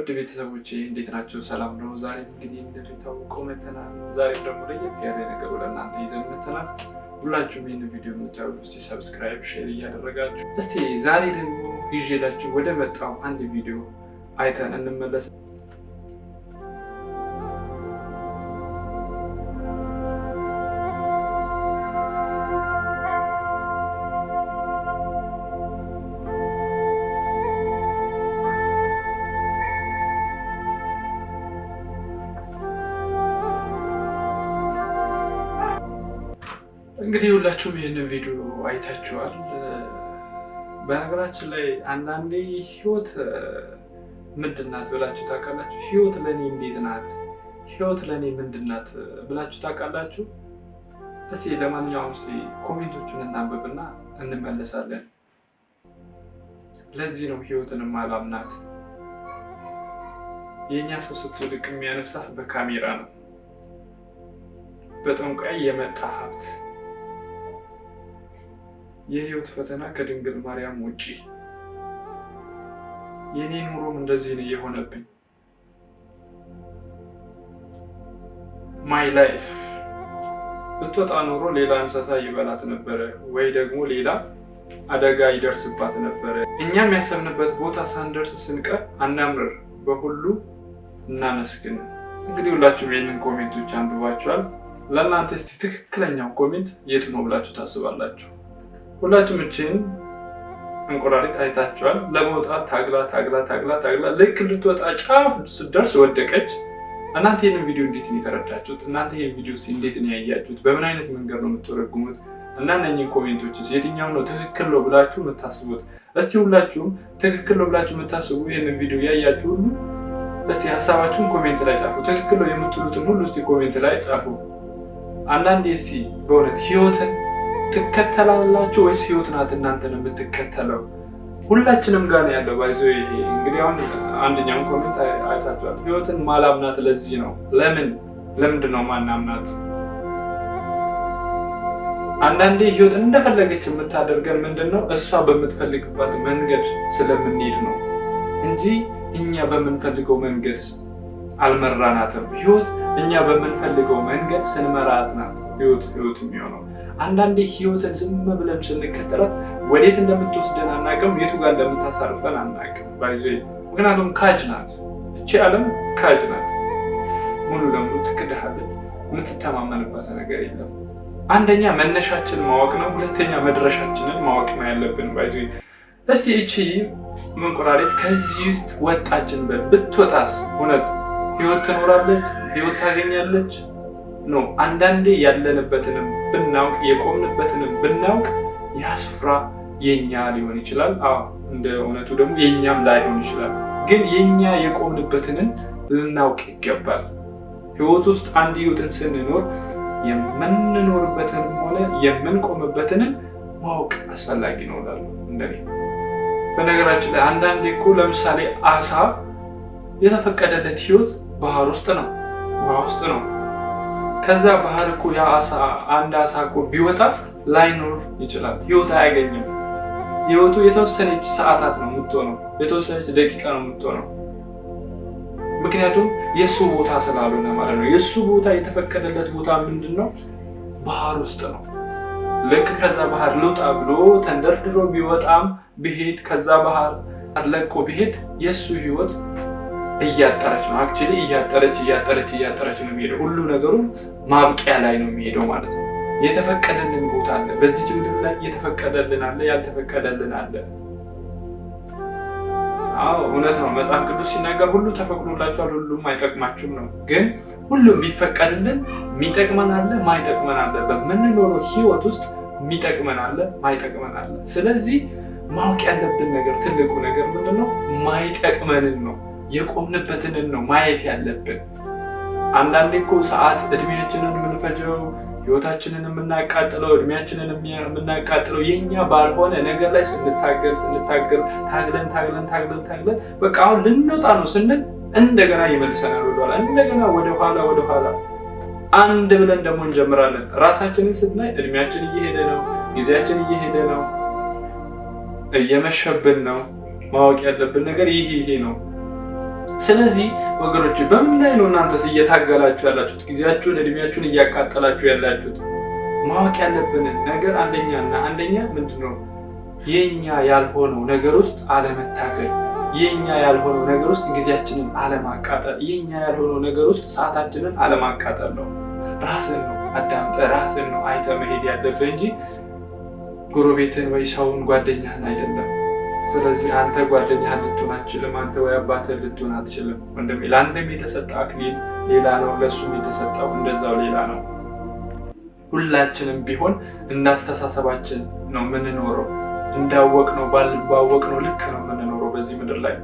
ውድ ቤተሰቦች እንዴት ናቸው? ሰላም ነው? ዛሬ እንግዲህ እንደሚታወቀው መተናል። ዛሬ ደግሞ ለየት ያለ ነገር ወደ እናንተ ይዘን መተናል። ሁላችሁም ይህን ቪዲዮ የምታዩ ስ ሰብስክራይብ፣ ሼር እያደረጋችሁ እስቲ ዛሬ ደግሞ ይዤላችሁ ወደ መጣው አንድ ቪዲዮ አይተን እንመለስ። እንግዲህ ሁላችሁም ይህንን ቪዲዮ አይታችኋል። በነገራችን ላይ አንዳንዴ ህይወት ምንድናት ብላችሁ ታውቃላችሁ? ህይወት ለእኔ እንዴት ናት? ህይወት ለእኔ ምንድናት ብላችሁ ታውቃላችሁ? እስቲ ለማንኛውም ስ ኮሜንቶቹን እናንብብና እንመለሳለን። ለዚህ ነው ህይወትን ማላምናት። የእኛ ሰው ስትወድቅ የሚያነሳ በካሜራ ነው፣ በጠንቋይ የመጣ ሀብት የህይወት ፈተና ከድንግል ማርያም ውጪ የኔ ኑሮም እንደዚህ ነው የሆነብኝ። ማይ ላይፍ ብትወጣ ኑሮ ሌላ እንስሳ ይበላት ነበረ ወይ ደግሞ ሌላ አደጋ ይደርስባት ነበረ። እኛም ያሰብንበት ቦታ ሳንደርስ ስንቀር አናምርር፣ በሁሉ እናመስግን። እንግዲህ ሁላችሁም ይህንን ኮሜንቶች አንብባችኋል። ለእናንተ እስቲ ትክክለኛው ኮሜንት የቱ ነው ብላችሁ ታስባላችሁ? ሁላችሁም እችን እንቁራሪት አይታችኋል። ለመውጣት ታግላ ታግላ ታግላ ታግላ ልክ ልትወጣ ጫፍ ስደርስ ወደቀች። እናንተ ይህንን ቪዲዮ እንዴት ነው የተረዳችሁት? እናንተ ይህን ቪዲዮ እንዴት ነው ያያችሁት? በምን አይነት መንገድ ነው የምትረጉሙት? እና እነኚህ ኮሜንቶችስ የትኛው ነው ትክክል ነው ብላችሁ የምታስቡት? እስቲ ሁላችሁም ትክክል ነው ብላችሁ የምታስቡ ይህንን ቪዲዮ ያያችሁ ሁሉ እስቲ ሀሳባችሁን ኮሜንት ላይ ጻፉ። ትክክል ነው የምትሉትን ሁሉ እስቲ ኮሜንት ላይ ጻፉ። አንዳንዴ እስቲ በእውነት ህይወትን ትከተላላችሁ ወይስ ህይወት ናት እናንተን የምትከተለው? ሁላችንም ጋር ነው ያለው። ባይዞ ይሄ እንግዲህ አሁን አንደኛውን ኮሜንት አይታችኋል። ህይወትን ማላምናት ለዚህ ነው። ለምን ለምንድን ነው ማናምናት? አንዳንዴ ህይወትን እንደፈለገች የምታደርገን ምንድን ነው እሷ በምትፈልግባት መንገድ ስለምንሄድ ነው እንጂ እኛ በምንፈልገው መንገድ አልመራናትም። ህይወት እኛ በምንፈልገው መንገድ ስንመራት ናት ህይወት ህይወት የሚሆነው አንዳንዴ ህይወትን ዝም ብለን ስንከተላት ወዴት እንደምትወስደን አናቅም የቱ ጋር እንደምታሳርፈን አናቅም ባይዞ ምክንያቱም ካጅ ናት እቺ ዓለም ካጅ ናት። ሙሉ ለሙሉ ትክድሃለት፣ የምትተማመንባት ነገር የለም። አንደኛ መነሻችን ማወቅ ነው። ሁለተኛ መድረሻችንን ማወቅ ነው ያለብን። ባይዞ እስቲ እቺ መንቆራሪት ከዚህ ውስጥ ወጣችን በል ብትወጣስ እውነት ህይወት ትኖራለች? ህይወት ታገኛለች? ነው። አንዳንዴ ያለንበትንም ብናውቅ የቆምንበትንም ብናውቅ ያ ስፍራ የኛ ሊሆን ይችላል። አዎ እንደ እውነቱ ደግሞ የኛም ላይሆን ይችላል። ግን የኛ የቆምንበትንን ልናውቅ ይገባል። ህይወት ውስጥ አንድ ህይወትን ስንኖር የምንኖርበትንም ሆነ የምንቆምበትንን ማወቅ አስፈላጊ ነው እላለሁ እንደኔ። በነገራችን ላይ አንዳንዴ እኮ ለምሳሌ አሳ የተፈቀደለት ህይወት ባህር ውስጥ ነው፣ ውሃ ውስጥ ነው ከዛ ባህር እኮ ያ አሳ አንድ አሳ እኮ ቢወጣ ላይኖር ይችላል። ህይወት አያገኝም። ህይወቱ የተወሰነች ሰዓታት ነው የምትሆነው፣ የተወሰነች ደቂቃ ነው የምትሆነው። ምክንያቱም የእሱ ቦታ ስላልሆነ ማለት ነው። የእሱ ቦታ የተፈቀደለት ቦታ ምንድን ነው? ባህር ውስጥ ነው። ልክ ከዛ ባህር ልውጣ ብሎ ተንደርድሮ ቢወጣም ብሄድ ከዛ ባህር ለቆ ብሄድ የእሱ ህይወት እያጠረች ነው። አክቹዋሊ እያጠረች እያጠረች እያጠረች ነው የሚሄደው ሁሉ ነገሩ ማብቂያ ላይ ነው የሚሄደው ማለት ነው። የተፈቀደልን ቦታ አለ። በዚች ምድር ላይ እየተፈቀደልን አለ፣ ያልተፈቀደልን አለ። አዎ እውነት ነው። መጽሐፍ ቅዱስ ሲናገር ሁሉ ተፈቅዶላችኋል፣ ሁሉም አይጠቅማችሁም ነው። ግን ሁሉም ቢፈቀድልን የሚጠቅመን አለ፣ ማይጠቅመን አለ። በምንኖረው ህይወት ውስጥ የሚጠቅመን አለ፣ ማይጠቅመን አለ። ስለዚህ ማወቅ ያለብን ነገር ትልቁ ነገር ምንድን ነው? ማይጠቅመንን ነው የቆምንበትንን ነው ማየት ያለብን። አንዳንዴ እኮ ሰዓት እድሜያችንን የምንፈጀው ህይወታችንን የምናቃጥለው እድሜያችንን የምናቃጥለው የኛ ባልሆነ ነገር ላይ ስንታገል ስንታገል ታግለን ታግለን ታግለን ታግለን በቃ አሁን ልንወጣ ነው ስንል እንደገና ይመልሰናል ወደኋላ፣ እንደገና ወደኋላ ወደኋላ አንድ ብለን ደግሞ እንጀምራለን። ራሳችንን ስናይ እድሜያችን እየሄደ ነው፣ ጊዜያችን እየሄደ ነው፣ እየመሸብን ነው። ማወቅ ያለብን ነገር ይህ ይሄ ነው። ስለዚህ ወገኖች በምን ላይ ነው እናንተስ እየታገላችሁ ያላችሁት? ጊዜያችሁን እድሜያችሁን እያቃጠላችሁ ያላችሁት? ማወቅ ያለብንን ነገር አንደኛ አንደኛ ምንድነው የኛ ያልሆነው ነገር ውስጥ አለመታገል፣ የኛ ያልሆነው ነገር ውስጥ ጊዜያችንን አለማቃጠል፣ የኛ ያልሆነው ነገር ውስጥ ሰዓታችንን አለማቃጠል ነው። ራስን ነው አዳምጠ ራስን ነው አይተ መሄድ ያለብህ እንጂ ጎረቤትን ወይ ሰውን ጓደኛህን አይደለም። ስለዚህ አንተ ጓደኛ ልትሆን አትችልም። አንተ ወይ አባትህ ልትሆን አትችልም። ወንድም ለአንተም የተሰጠ አክሊል ሌላ ነው፣ ለእሱም የተሰጠው እንደዛው ሌላ ነው። ሁላችንም ቢሆን እንዳስተሳሰባችን ነው የምንኖረው። እንዳወቅ ነው ባወቅ ነው ልክ ነው የምንኖረው በዚህ ምድር ላይ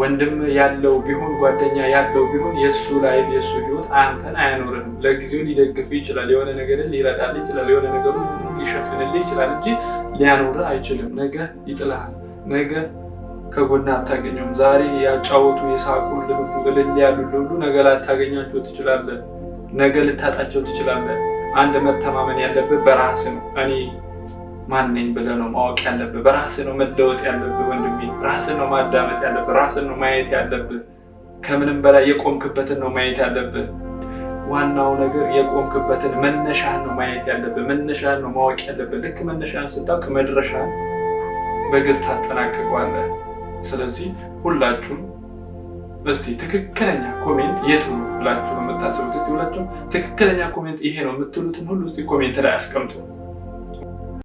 ወንድም ያለው ቢሆን ጓደኛ ያለው ቢሆን የእሱ ላይፍ የእሱ ህይወት አንተን አያኖርህም። ለጊዜው ሊደግፍ ይችላል፣ የሆነ ነገር ሊረዳል ይችላል፣ የሆነ ነገሩ ሊሸፍንል ይችላል እንጂ ሊያኖርህ አይችልም። ነገ ይጥልሃል። ነገ ከጎና አታገኘውም። ዛሬ ያጫወቱ የሳቁ ልብሉ ያሉ ልብሉ ነገ ላታገኛቸው ትችላለህ። ነገ ልታጣቸው ትችላለህ። አንድ መተማመን ያለብህ በራስ ነው። እኔ ማን ነኝ ብለህ ነው ማወቅ ያለብህ። በራስህ ነው መለወጥ ያለብህ ወንድሜ። ራስህ ነው ማዳመጥ ያለብህ። ራስህ ነው ማየት ያለብህ። ከምንም በላይ የቆምክበትን ነው ማየት ያለብህ። ዋናው ነገር የቆምክበትን መነሻህን ነው ማየት ያለብህ። መነሻህን ነው ማወቅ ያለብህ። ልክ መነሻህን ስታውቅ መድረሻህን በግብ ታጠናቅቀዋለህ። ስለዚህ ሁላችሁም እስቲ ትክክለኛ ኮሜንት የቱ ነው ብላችሁ ነው የምታስቡት? እስቲ ሁላችሁም ትክክለኛ ኮሜንት ይሄ ነው የምትሉትን ሁሉ እስቲ ኮሜንት ላይ አስቀምጡ።